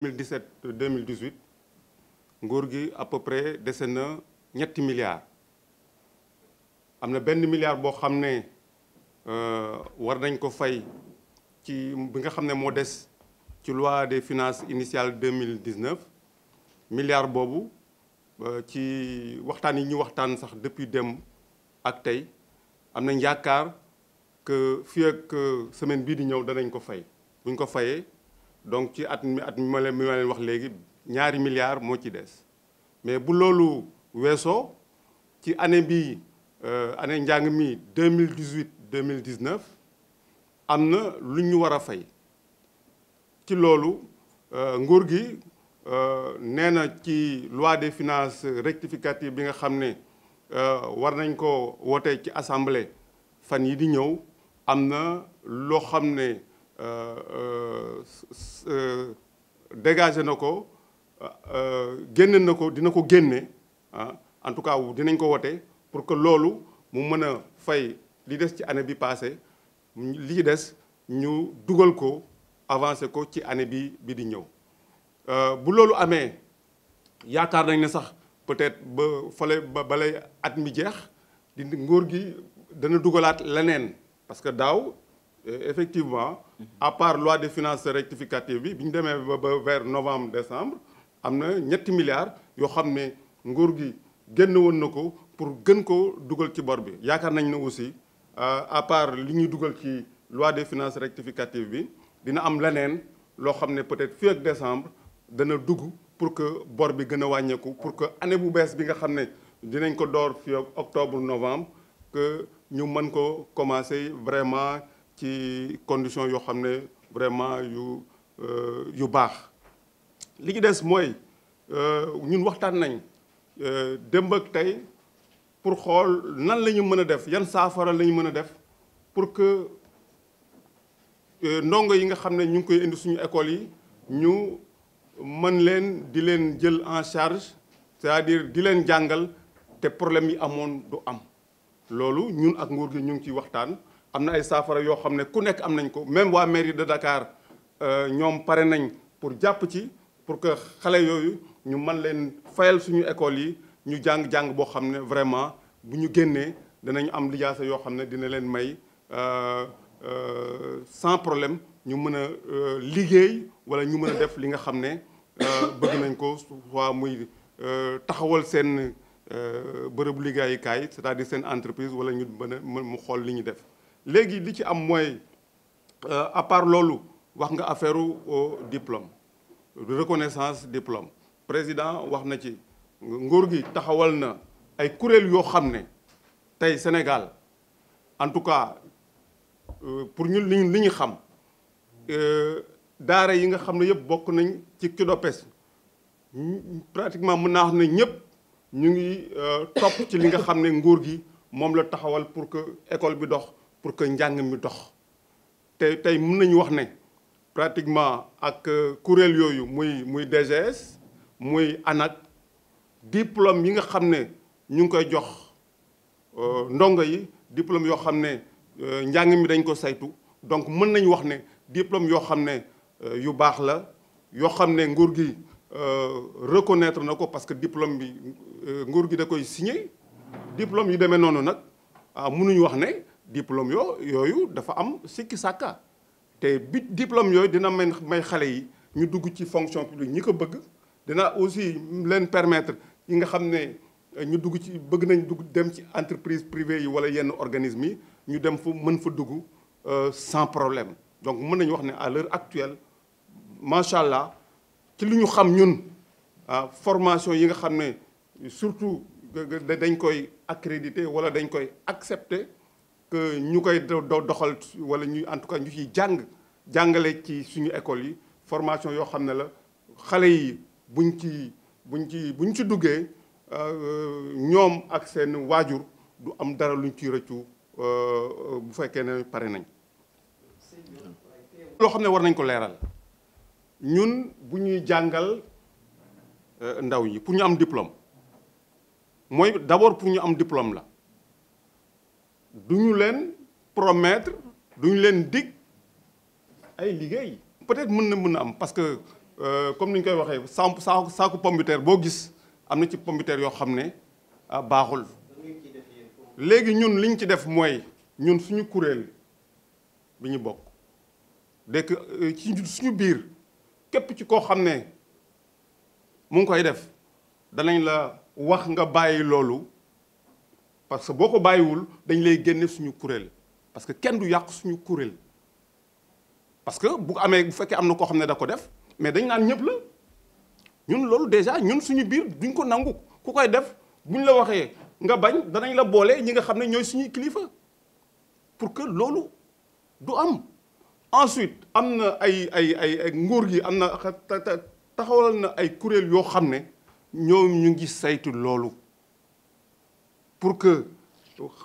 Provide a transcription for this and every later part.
2017 2018 nguur à peu près dese ñetti milliards am avons benn milliard milliards xam ne euh, war nañ ko fay ci bi nga ne loi des finances initiale 2019 milliards qui ci waxtaan yi de sax depuis dem am na yaakaar que fii ak semaine bii di ñëw danañ ko fay buñ ko fayee donc ci at mi at mi ma leen wax léegi ñaari milliards moo ci des mais bu loolu weesoo ci année bi euh, année njàng mi 2018 2019 am na lu ñu war a fay ci loolu euh, nguur gi euh, nee na ci loi des finance rectificative bi nga xam ne Euh, war nañ ko wootee ci assemblée fan yi di ñëw am na loo xam ne euh, euh, dégagé na ko génne na ko dina ko génne ah en tout cas dinañ ko wote pour que loolu mu mën a fay li des ci année bi passe li des ñu dugal ko avancé ko ci année bi bi di ñëw bu loolu amee yaakaar nañ na sax peut-être ba fale ba balay at mi jeex di nguur gi dana dugalaat leneen parce que daaw eh, effectivement mhm. à part de finances rectificative bi bi ñu demee ba ba vers novembre décembre am na ñetti milliards yoo xam ne nguur gi génn woon na ko pour gën ko dugal ci bor bi yaakaar nañ ne aussi euh, à part li ñuy dugal ci loi de finances rectificative bi dina am leneen loo xam ne peut-être fii ak décembre dana dugg pour que bor bi gën a wàññeeku pour que année bu bees bi nga xam ne dinañ ko door fii ak octobre novembre que ñu mën ko commencer vraiment ci conditions yoo xam ne vraiment yu euh, yu baax li ci des mooy euh, ñun waxtaan nañ euh, démb ak tey pour xool nan la ñu mën a def yan saafara la ñu mën a def pour que ndongo yi nga xam ne ñu ngi koy indi suñu école yi ñu mën leen di leen jël en charge c'est-à-dire di leen jàngal te problème yi amoon du am loolu ñun ak nguur gi ñu ngi ciy waxtaan am na ay saafara yoo xam ne ku nekk am nañ ko même waa mairie de Dakar euh, ñoom pare nañ pour jàpp ci pour que xale yooyu ñu mën leen fayal suñu école yi ñu jàng-jàng boo xam ne vraiment bu ñu génnee danañ am lijaasa yoo xam ne dina leen may euh, euh, sans problème ñu mën a euh, liggéey wala ñu mën a def li nga xam ne euh, bëgg nañ ko soit muy euh, taxawal seen bërëbu liggéeyukaay c'est-à-dire seen entreprise wala ñu mën a mu xool li ñu def. léegi li ci am mooy à part loolu wax nga affaire au diplôme reconnaissance diplôme président wax na ci nguur gi taxawal na ay kuréel yoo xam ne tey Sénégal en tout cas pour ñu li ñu xam. Euh, daara yi nga xam ne yëpp bokk nañ ci CUDOPES pratiquement mën naa wax ne ñëpp ñu ngi euh, topp ci li nga xam ne nguur gi moom la taxawal pour que école bi dox pour que njàng mi dox te tey mën nañu wax ne pratiquement ak euh, kuréel yooyu muy muy DGS muy ANAT diplôme yi nga xam ne ñu ngi koy jox ndongo yi diplôme yoo xam ne njàng mi dañ ko saytu donc mën nañu wax ne diplôme yoo xam ne euh, yu baax la yoo xam ne nguur euh, reconnaître n'ako parce que diplôme bi euh, nguur gi da signé diplôme yu demee noonu nag ah mënuñu wax ne diplôme yo yoyu dafa am sikki sàkka bi diplôme yo dina may may xale yi ñu dugg ci fonction publique ñi ko bëgg dina aussi leen permettre yi nga xam ne ñu dugg ci bëgg nañ dugg dem ci entreprise privée yi walla yenn organisme yi ñu dem fu mën fa dugg sans problème donc à l'heure actuelle Masha'Allah, ah, formation yi nga surtout accrédité wala accepté que nous doxal wala en tout cas ñu ci suñu école yi formation la yi buñ ci buñ ci buñ ci ah, euh, ak du am dara luñ euh, bu nañ. loo xam ne war nañ ko leeral ñun bu ñuy jàngal euh, ndaw yi pour ñu am diplôme mooy d'abord pour ñu am diplôme la du ñu leen promettre du ñu leen dig ay liggéey. peut-être mën na mën na am parce que euh, comme ni ñu koy waxee sàmp saaku saaku pombiteer boo gis am na ci pombiteer yoo xam ne ah, baaxul. léegi ñun li ñu ci def mooy ñun suñu kuréel bi ñu bokk. dek euh, ci suñu biir képp ci koo xam mu ngi koy def la wax nga bàyyi loolu parce que boo ko bàyyiwul dañ lay génne suñu kuréel parce que kenn du yàq suñu kuréel parce que bu amee bu fekkee am na koo Nous, da ko def mais dañ naan ñëpp la ñun déjà ñun suñu biir duñ ko nangu ku koy def buñ la waxee nga bañ danañ la boole ñi nga xam ne ñooy kilifa pour que loolu du am ensuite am na ay ay ay nguur gi am na taxawal na ay kuréel yoo xam ne ñoom ñu ngi saytu loolu pour que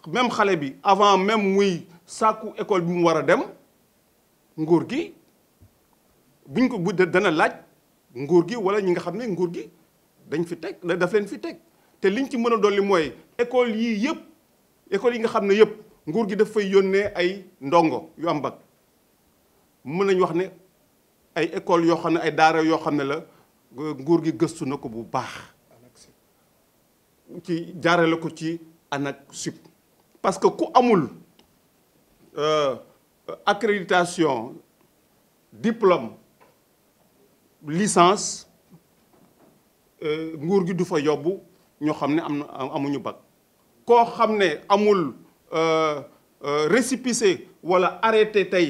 même xale bi avant même muy sàkku école bi mu war a dem nguur gi buñ ko bu dana laaj nguur gi walla ñi nga xam ne nguur gi dañ fi teg daf leen fi teg te li ñu ci mën a dolli mooy école yii yëpp école yi nga xam ne yëpp nguur gi daf fay yónnee ay ndongo yu am bac mën nañu wax ne ay école yoo xam ne ay daara yoo xam ne la nguur gi gëstu na ko bu baax ci jaarale ko ci anak sup parce que ku amul euh, accréditation diplôme licence euh, nguur gi du fa yóbbu ñu xam ne am amuñu bac koo xam ne amul euh, récépissé wala arrêté tey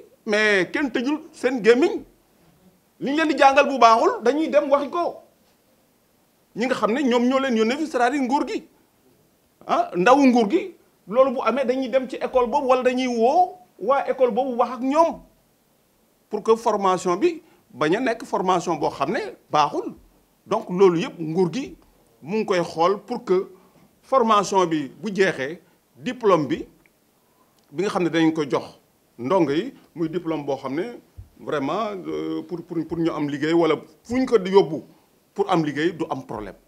mais kenn tëjul seen gémmiñ liñ leen di jàngal bu baaxul dañuy dem waxi ko ñi nga xam ne ñoom ñoo leen yónnee fi cest nguur gi ah ndawu nguur gi loolu bu amee dañuy dem ci école boobu wala dañuy woo waa école boobu wax ak ñoom pour que formation bi bañ a nekk formation boo xam ne baaxul donc loolu yëpp nguur gi mu ngi koy xool pour que formation bi bu jeexee diplôme bi bi nga xam ne dañu ko jox ndongo yi muy diplôme bo xamné vraiment euh, pour pour pour ñu am liguey wala fuñ ko yóbbu pour am liguey du am problème.